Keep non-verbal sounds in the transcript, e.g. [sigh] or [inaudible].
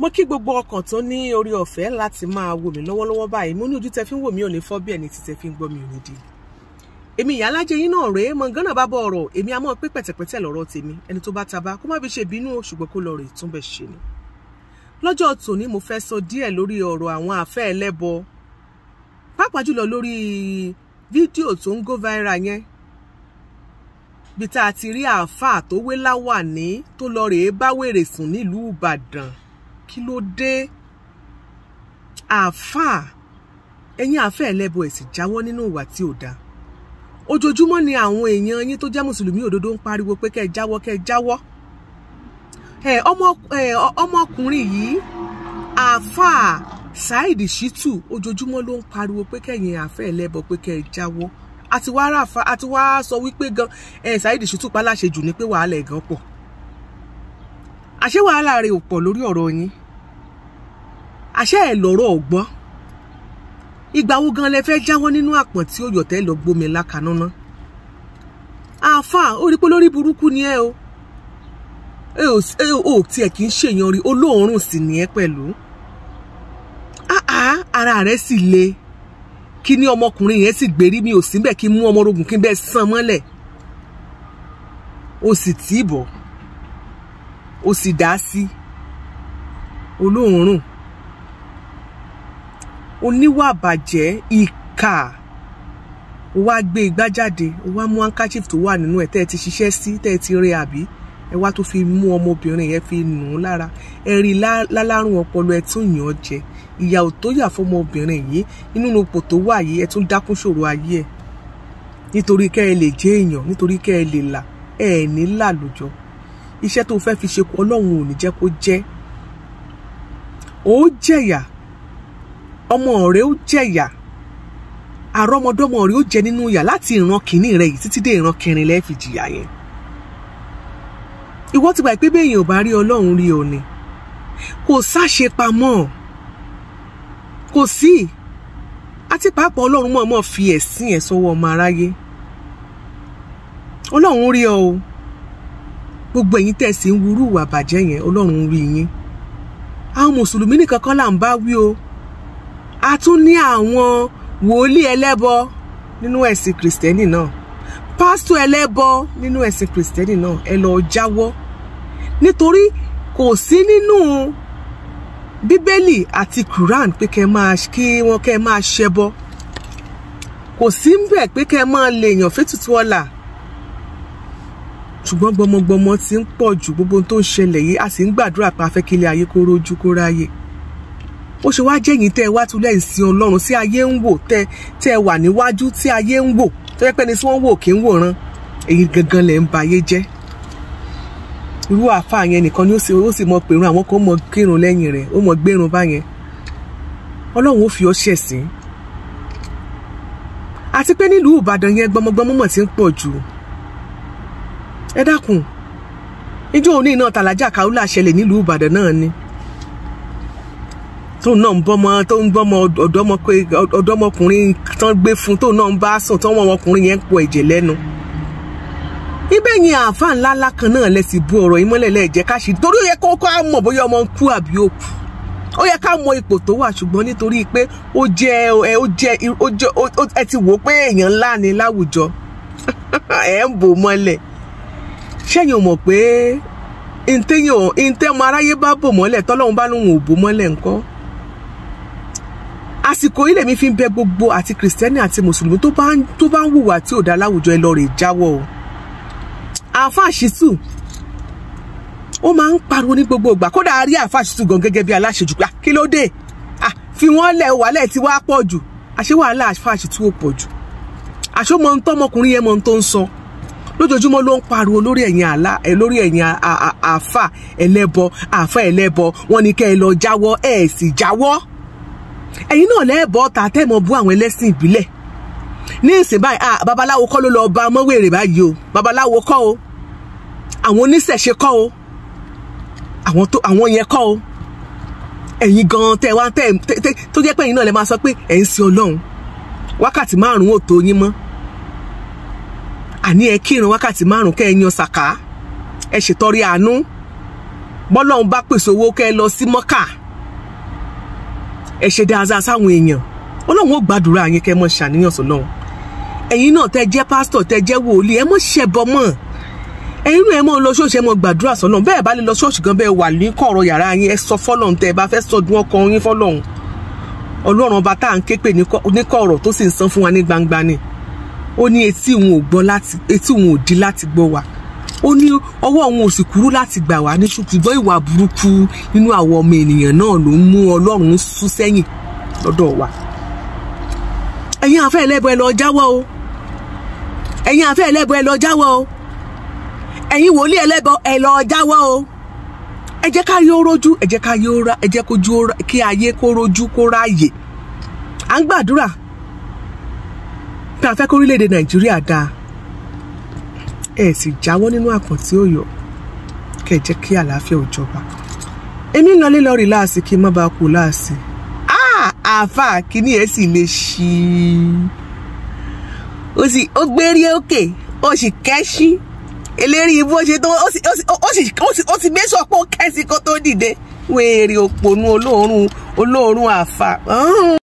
mo kí gbogbo ọkàn tó ní orí ọ̀fẹ́ láti máa wò mí lọ́wọ́lọ́wọ́ báyìí mo ní ojú tẹ fi ń wò mí ò ní fọ́ bí ẹni tí tẹ fi ń gbọ́ mi ò ní di èmi ìyá alájẹ yín náà rèé mọ̀ngánà bá bọ̀ ọ̀rọ̀ èmi àmọ́ pé pẹ̀tẹ̀pẹ̀tẹ̀ lọ́rọ̀ tèmi ẹni tó bá taba kó má fi ṣe bínú ṣùgbọ́n kó lọ rè tún bẹ̀ ṣe ni. lọ́jọ́ tòní mo fẹ́ sọ díẹ̀ lórí ọ̀rọ̀ àwọn àfẹ́ ẹlẹ́bọ pàápàá jùlọ lórí fídíò tó ń go viral yẹn bí tá a ti rí àáfàá tó wé láwàní tó lọ rèé bá wèrè sùn nílùú Ìbàdàn kí ló dé àáfàá ẹ̀yin àáfàá ẹlẹ́bọ ẹ sì jáwọ́ nínú ìwà tí ò dáa ojoojúmọ́ ni àwọn èèyàn yín tó jẹ́ mùsùlùmí òdodo ń pariwo pé kẹ́ ẹ jáwọ́ kẹ́ ẹ jáwọ́ ẹ ọmọ ẹ ọmọkùnrin yìí àáfàá Saheed Shittu ojoojúmọ́ ló ń pariwo pé kẹ́yìn àáfàá ẹlẹ́bọ pé kẹ́ ẹ jáwọ́ àti wá ráfa àti wá sọ wípé gan ẹ Saheed Shittu paláṣẹ jù ni pé wàhálà ẹ̀ gan pọ̀ àṣé wàhálà rẹ̀ ò pọ̀ lórí ọ̀rọ̀ yín àṣẹ ẹ̀ lọ́rọ̀ ọ̀gbọ́n ìgbà wo gan lẹ fẹ́ jáwọ́ nínú àpọ̀n tí ó yọ̀tẹ́ lọ gbomi lákanú ná àáfàá ó rí pé lórí burúkú ni ẹ o ẹ ò tiẹ̀ kì í ṣèyàn rí olóòórùn sì ni ẹ pẹ̀lú ara rẹ sì le kí ni ọmọkùnrin yẹn sì gbérí mi ò síbẹ̀ kí mú ọmọ orogún kí n bẹ́ẹ̀ sàn mọ́lẹ̀ o sì tì í bọ̀ o sì dá sí olóòórùn oníwà bàjẹ́ ìkà ó wá gbé igbá jáde ó wá mú handkerchief tó wà nínú ẹ̀ tẹ́ ẹ ti ṣiṣẹ́ sí tẹ́ ẹ ti rí àbí ẹ wá tó fi mú ọmọbìnrin yẹn fi nù ún lára ẹ rí lálárùn ọpọlọ ẹ tún yàn án jẹ ìyà ò tó yà fọmọbìnrin yìí inú ipò tó wà yìí ẹ tún dákún ṣòro ayé ẹ nítorí kẹ́ ẹ lè jẹ́ èèyàn nítorí kẹ́ ẹ lè là ẹ ní là lójọ iṣẹ́ tó fẹ́ fi ṣe Ọlọ́run ò ní jẹ́ kó jẹ́ ó jẹ̀yà ọmọ rẹ ó jẹ̀yà àrọ́mọdọ́mọ rẹ ó jẹ nínú yà láti ìran kìíní rẹ yìí títí dé ìran kẹrin lẹ́ẹ̀ fi jìyà yẹn ìwọ ti gbà pé bẹ́ẹ̀ èèyàn ò bá rí ọlọ́run rí òní kò sáṣe pamọ́ kò sí àti pàápàá ọlọ́run mọ̀ọ́mọ̀ fi ẹ̀sìn ẹ̀ sọ́wọ́ ọmọ aráyé ọlọ́run rí ọ o gbogbo ẹ̀yin tẹ̀sí ń wúrú ìwà bàjẹ́ yẹn ọlọ́run rí yín àwọn mùsùlùmí nìkan kọ́ là ń bá wí o a tún ní àwọn wòlíì ẹlẹ́bọ nínú ẹ̀sìn kìrìsìtẹ́nì náà pásítọ̀ ẹlẹ́bọ nínú ẹ̀sìn kìrìsìtẹ́nì náà ẹ lọ jáwọ́ nítorí kò sí nínú bíbélì àti quran pé kẹ́ máa kí wọ́n kẹ́ máa ṣẹbọ kò sí ń bẹ̀ pé kẹ́ máa lè yàn fétùtù ọ̀la ṣùgbọ́n gbọmọgbọmọ ti ń pọ̀ ju gbogbo tó ń ṣẹlẹ̀ yìí a sì ń gbàdúrà pa afẹ́kílẹ̀ ayé kó rójú kó ráyè ó ṣe wá jẹ́yìn tẹ́ ẹ wá tulẹ̀ ìsìn ọlọ́run tí ayé ń wò tẹ́ tẹ́ ẹ wà níwájú tí ayé ń wò tó yẹ pé ni tí wọ́n wò kí ń wòran èyí gangan lẹ̀ ń ba ayé jẹ́ irú àáfàá yẹn nìkan ni ó sì ó sì mọ pèrun àwọn kan mọ kírun lẹ́yìn rẹ̀ ó mọ gbérun báyẹn ọlọ́run ó fi ọ́ ṣẹ̀sìn àti pé nílùú ìbàdàn yẹn gbọmọgbọmọ mọ̀ ti ń pọ̀ jù ẹ dákun ijó òní náà tàlàjà kàúlà ṣẹlẹ̀ nílùú ìbàdàn náà ni tó náà ń bọ́mọ tó ń bọ́mọ ọ̀dọ́mọkùnrin tán gbé fún tó náà ń bá sùn tán wọn ọmọkùnrin yẹn ń pọ ẹ̀jẹ̀ lẹ́nu. ibẹ̀ yẹn àáfàá ńláńlá kan náà lẹ sì bu ọ̀rọ̀ yìí mọ́lẹ̀ lẹ́ẹ̀jẹ̀ ká ṣe torí ó yẹ kó ká mọ̀ bóyá ọmọ ń kú àbí ó kú ó yẹ ká mọ ipò tó wà ṣùgbọ́n nítorí pé ó jẹ́ ẹ ó jẹ́ ó jẹ́ ẹ ti wò ó pé èèyàn ńlá ni láwùjọ [laughs] ẹ ń bò mọ́lẹ̀ ṣẹ́yìn ò mọ̀ pé ntẹ́yìn ntẹ́ ọmọ aráyé bá bò mọ́lẹ̀ tọ́lọ́run bá lóun ò bò mọ́lẹ̀ ńkọ́ àsìkò yìí lèmi fi ń bẹ gbogbo àti kìrìsìtẹ́nì àti mùsùlùmí tó bá ń tó bá ń hùwà tí ò dá láwùjọ ẹ lọ rè jáwọ́ o àáfàá ṣìtù ó máa ń pariwo ní gbogbo ìgbà kódà a rí àáfàá ṣìtù gan gẹ́gẹ́ bí aláṣejù pé kí ló dé fi wọ́n lẹ̀ wàhálẹ̀ tí wàá pọ̀ jù àṣé wàhálà àáfàá ṣìtù ò pọ̀ jù àṣé mọ̀ ń tọ́mọkùnrin yẹn mọ̀ ń tó ń sọ lójoojúmọ́ ló ń pariwo lórí ẹ̀yìn àlá lórí ẹ̀yìn àáfà ẹlẹ́bọ àáfà ẹlẹ́bọ wọ́n ní kẹ́ ẹ lọ jáwọ́ ẹ̀ sì jáwọ́ ẹ̀yin náà lẹ́ẹ̀bọ́ ta tẹ́mọ̀ bú àwọn ẹlẹ́sìn ìbílẹ̀ ní ìsìn báyìí ah babaláwo kọ́ ló lọ bá mọ́wèrè báyìí o babaláwo kọ́ o àwọn oníṣẹ̀ṣe kọ́ o àwọn tó àwọn yẹn kọ́ o ẹ̀yin gan tẹ́ wá tẹ́ tẹ́ tó jẹ́ pé ẹ̀yin náà lè máa sọ pé ẹ̀ ń sin ọlọ́run wákàtí márùn-ún ò tó yín mọ́ àní ẹ kírun wákàtí márùn-ún kẹ́ ẹ yan sàká ẹ ṣètọrí àánú bọ́lọ́run bá pèsè owó kẹ́ ẹ lọ sí mọ́kà ẹ ṣe dáadáa sáwọn èèyàn ọlọ́run ó gbàdúrà yín kẹ́ ẹ mọ́ ṣàníyàn sọ́lọ́run ẹ̀yin náà tẹ́ jẹ́ pásítọ̀ tẹ́ jẹ́ wòlíì ẹ mọ́ ṣẹbọ mọ́ ẹ̀yin náà ẹ mọ́ lọ ṣọ́ọ̀ṣì ẹ mọ́ gbàdúrà sọ́lọ́run bẹ́ẹ̀ bá lè lọ ṣọ́ọ̀ṣì gan bẹ́ẹ̀ wà ní kọ̀ọ̀rọ̀ yàrá yín ẹ sọ fọ́lọ́run tẹ́ ẹ bá fẹ́ sọdún ọkàn yín fọ́lọ́run ọlọ́run ọba tá à ń ké pè ní kọ̀ọ̀rọ̀ tó sì ń san fún wa ní gbangba ni ó ní etí òun ò gbọ́ láti etí òun ò di láti gbọ́ wa ó ní ọwọ́ òun ò sì kúrú láti gbà wá ní ṣùgbọ́n ìwà burúkú nínú àwọn ọmọ ènìyàn náà ló ń mú ọlọ́run sún sẹ́yìn lọ́dọ̀ wa ẹ̀yin àfẹ́ ẹlẹ́bọ ẹ lọ jáwọ́ o ẹ̀yin àfẹ́ ẹlẹ́bọ ẹ lọ jáwọ́ o ẹ̀yin wòlíì ẹlẹ́bọ ẹ lọ jáwọ́ o ẹ jẹ́ ká yóò rojú ẹ jẹ́ ká yóò ra ẹ jẹ́ kójú kí ayé kó rojú kó ráàyè à ń gbàdúrà pé a fẹ́ èdè nàìjíríà dáa ẹ sì jáwọ́ nínú àkàntì òyò kẹ jẹ́ kí àlàáfíà ò jọba èmi ń lọ lílọ rí láàsì kí n má bàa kú láàsì ah, àáfà kínní ẹ sì lè ṣí i ó sì ó gbérí òkè ó sì kẹ́sí eléri ibú ó ṣe tó ó sì ó sì gbé sọ pé ó kẹ́sí kó tó dìde wéèrè òpònú olóòórùn olóòórùn àáfà.